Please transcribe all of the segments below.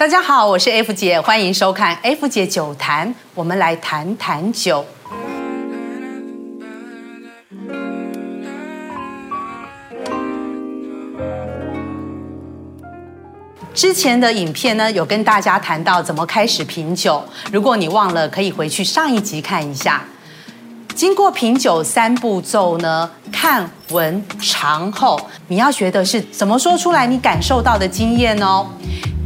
大家好，我是 F 姐，歡迎收看 F 姐酒談。我們來談談酒。之前的影片呢，有跟大家談到怎麼開始品酒。如果你忘了，可以回去上一集看一下。經過品酒三步驟呢，看、聞、嘗後，你要學的是怎麼說出來你感受到的經驗哦。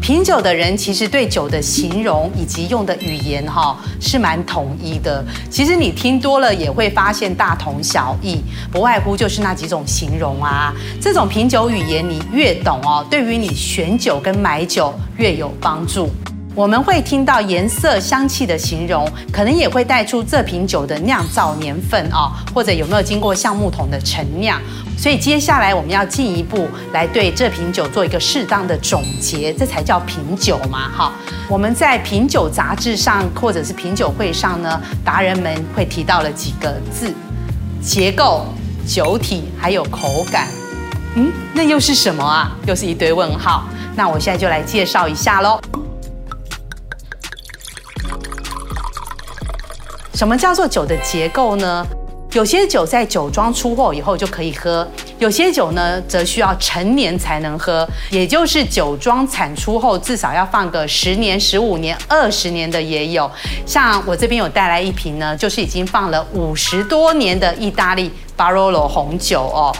品酒的人其實對酒的形容以及用的語言哈，哦，是蠻統一的。其實你聽多了也會發現大同小異，不外乎就是那幾種形容啊。這種品酒語言你越懂哦，對於你選酒跟買酒越有幫助。我們會聽到顏色、香氣的形容，可能也會帶出這瓶酒的釀造年份啊、哦，或者有沒有經過橡木桶的陳釀。所以接下來我們要進一步來對這瓶酒做一個適當的總結，這才叫品酒嘛！哈，我們在品酒雜誌上或者是品酒會上呢，達人們會提到了幾個字：結構、酒體，還有口感。嗯，那又是什麼啊？又是一堆問號。那我現在就來介紹一下嘍。什麼叫做酒的結構呢？有些酒在酒莊出貨以後就可以喝，有些酒呢則需要陳年才能喝，也就是酒莊產出後至少要放個十年、十五年、二十年的也有。像我這邊有帶來一瓶呢，就是已經放了五十多年的意大利 Barolo 紅酒哦。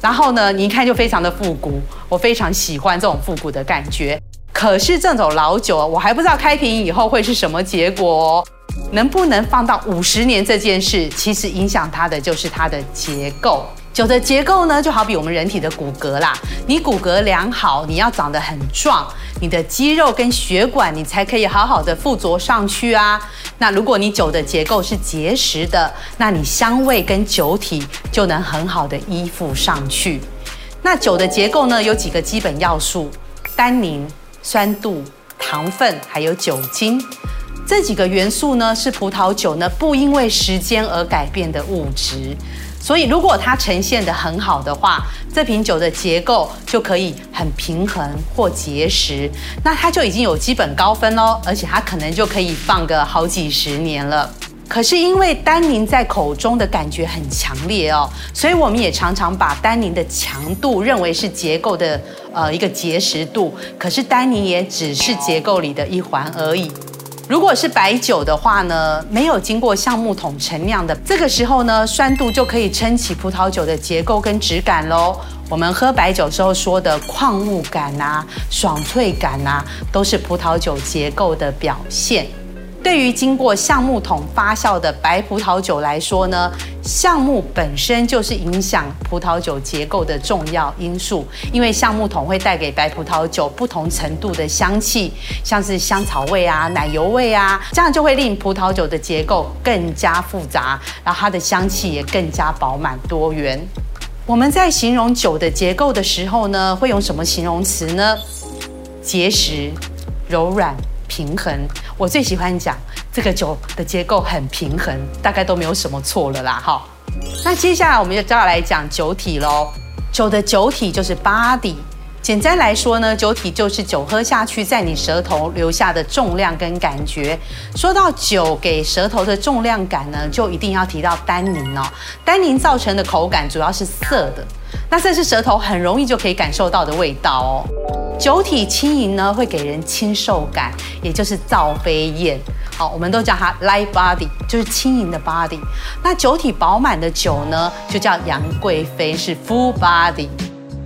然後呢，你一看就非常的復古，我非常喜歡這種復古的感覺。可是這種老酒，我還不知道開瓶以後會是什麼結果哦。能不能放到五十年這件事，其實影響它的就是它的結構。酒的結構呢，就好比我們人體的骨骼啦。你骨骼良好，你要長得很壯，你的肌肉跟血管，你才可以好好的附着上去啊。那如果你酒的結構是結實的，那你香味跟酒體就能很好的依附上去。那酒的結構呢，有幾個基本要素：單寧、酸度、糖分，還有酒精。這幾個元素呢，是葡萄酒呢，不因為時間而改變的物質，所以如果它呈現得很好的話，這瓶酒的結構就可以很平衡或結實，那它就已經有基本高分嘍，而且它可能就可以放個好幾十年了。可是因為單寧在口中的感覺很強烈哦，所以我們也常常把單寧的強度認為是結構的呃、一個結實度，可是單寧也只是結構裡的一環而已。如果是白酒的話呢，沒有經過橡木桶陳釀的，這個時候呢，酸度就可以撐起葡萄酒的結構跟質感咯。我們喝白酒時候說的礦物感啊、爽脆感啊，都是葡萄酒結構的表現。對於經過橡木桶發酵的白葡萄酒來說呢，橡木本身就是影響葡萄酒結構的重要因素，因為橡木桶會帶給白葡萄酒不同程度的香氣，像是香草味啊、奶油味啊，這樣就會令葡萄酒的結構更加複雜，然後它的香氣也更加飽滿多元。我們在形容酒的結構的時候呢，會用什麼形容詞呢？結實、柔軟。平衡，我最喜歡講這個酒的結構很平衡，大概都沒有什麼錯了啦。好，哦，那接下來我們就要來講酒體嘍。酒的酒體就是 body，簡單來說呢，酒體就是酒喝下去在你舌頭留下的重量跟感覺。說到酒給舌頭的重量感呢，就一定要提到丹寧哦。丹寧造成的口感主要是澀的，那這是舌頭很容易就可以感受到的味道哦。酒體輕盈呢，會給人清瘦感，也就是趙飛燕。好，我們都叫它 light body，就是輕盈的 body。那酒體飽滿的酒呢，就叫楊貴妃，是 full body，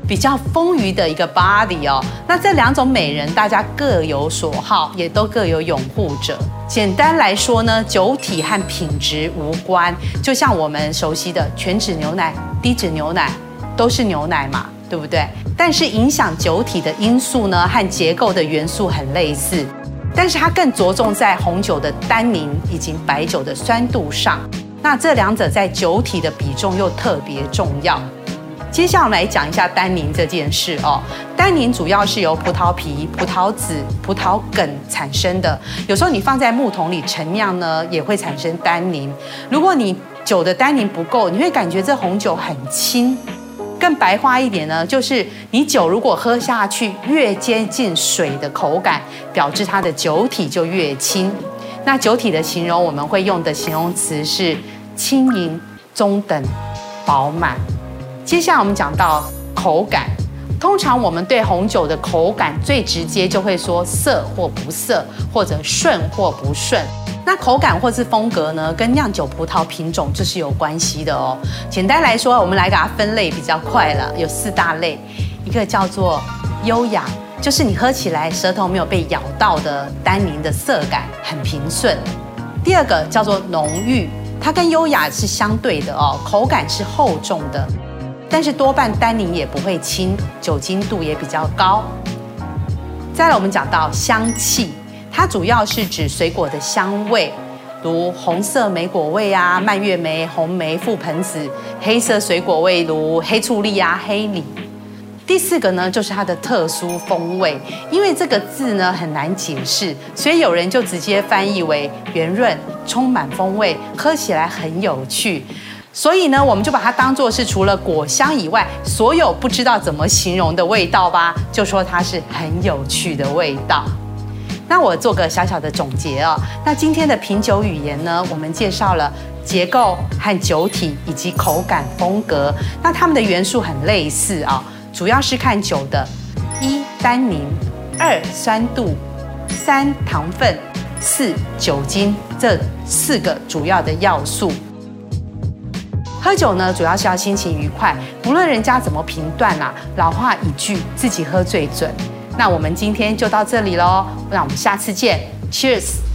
比較豐腴的一個 body 哦。那這兩種美人，大家各有所好，也都各有擁護者。簡單來說呢，酒體和品質無關，就像我們熟悉的全脂牛奶、低脂牛奶，都是牛奶嘛。對不對？但是影響酒體的因素呢，和結構的元素很類似，但是它更着重在紅酒的單寧以及白酒的酸度上。那這兩者在酒體的比重又特別重要。接下來我們來講一下單寧這件事哦。單寧主要是由葡萄皮、葡萄籽、葡萄梗產生的，有時候你放在木桶裡陳釀呢，也會產生單寧。如果你酒的單寧不夠，你會感覺這紅酒很輕。更白話一點呢，就是你酒如果喝下去越接近水的口感，表示它的酒體就越輕。那酒體的形容我們會用的形容詞是輕盈、中等、飽滿。接下來我們講到口感。通常我們對紅酒的口感最直接就會說澀或不澀，或者順或不順。那口感或是風格呢，跟釀酒葡萄品種就是有關係的哦。簡單來說，我們來給它分類比較快了，有四大類，一個叫做優雅，就是你喝起來舌頭沒有被咬到的單寧的澀感很平順；第二個叫做濃郁，它跟優雅是相對的哦，口感是厚重的。但是多半單寧也不會輕，酒精度也比較高。再來，我們講到香氣，它主要是指水果的香味，如紅色莓果味啊、蔓越莓、紅莓、覆盆子；黑色水果味如黑醋栗啊、黑李。第四個呢，就是它的特殊風味，因為這個字呢很難解釋，所以有人就直接翻譯為圓潤、充滿風味，喝起來很有趣。所以呢，我們就把它當做是除了果香以外，所有不知道怎麼形容的味道吧，就說它是很有趣的味道。那我做個小小的總結哦。那今天的品酒語言呢，我們介紹了結構和酒體以及口感風格，那它們的元素很類似啊、哦，主要是看酒的一單寧、二酸度、三糖分、四酒精這四個主要的要素。喝酒呢，主要是要心情愉快。不論人家怎麼評斷啊，老話一句，自己喝最準。那我們今天就到這裡嘍，那我們下次見。Cheers。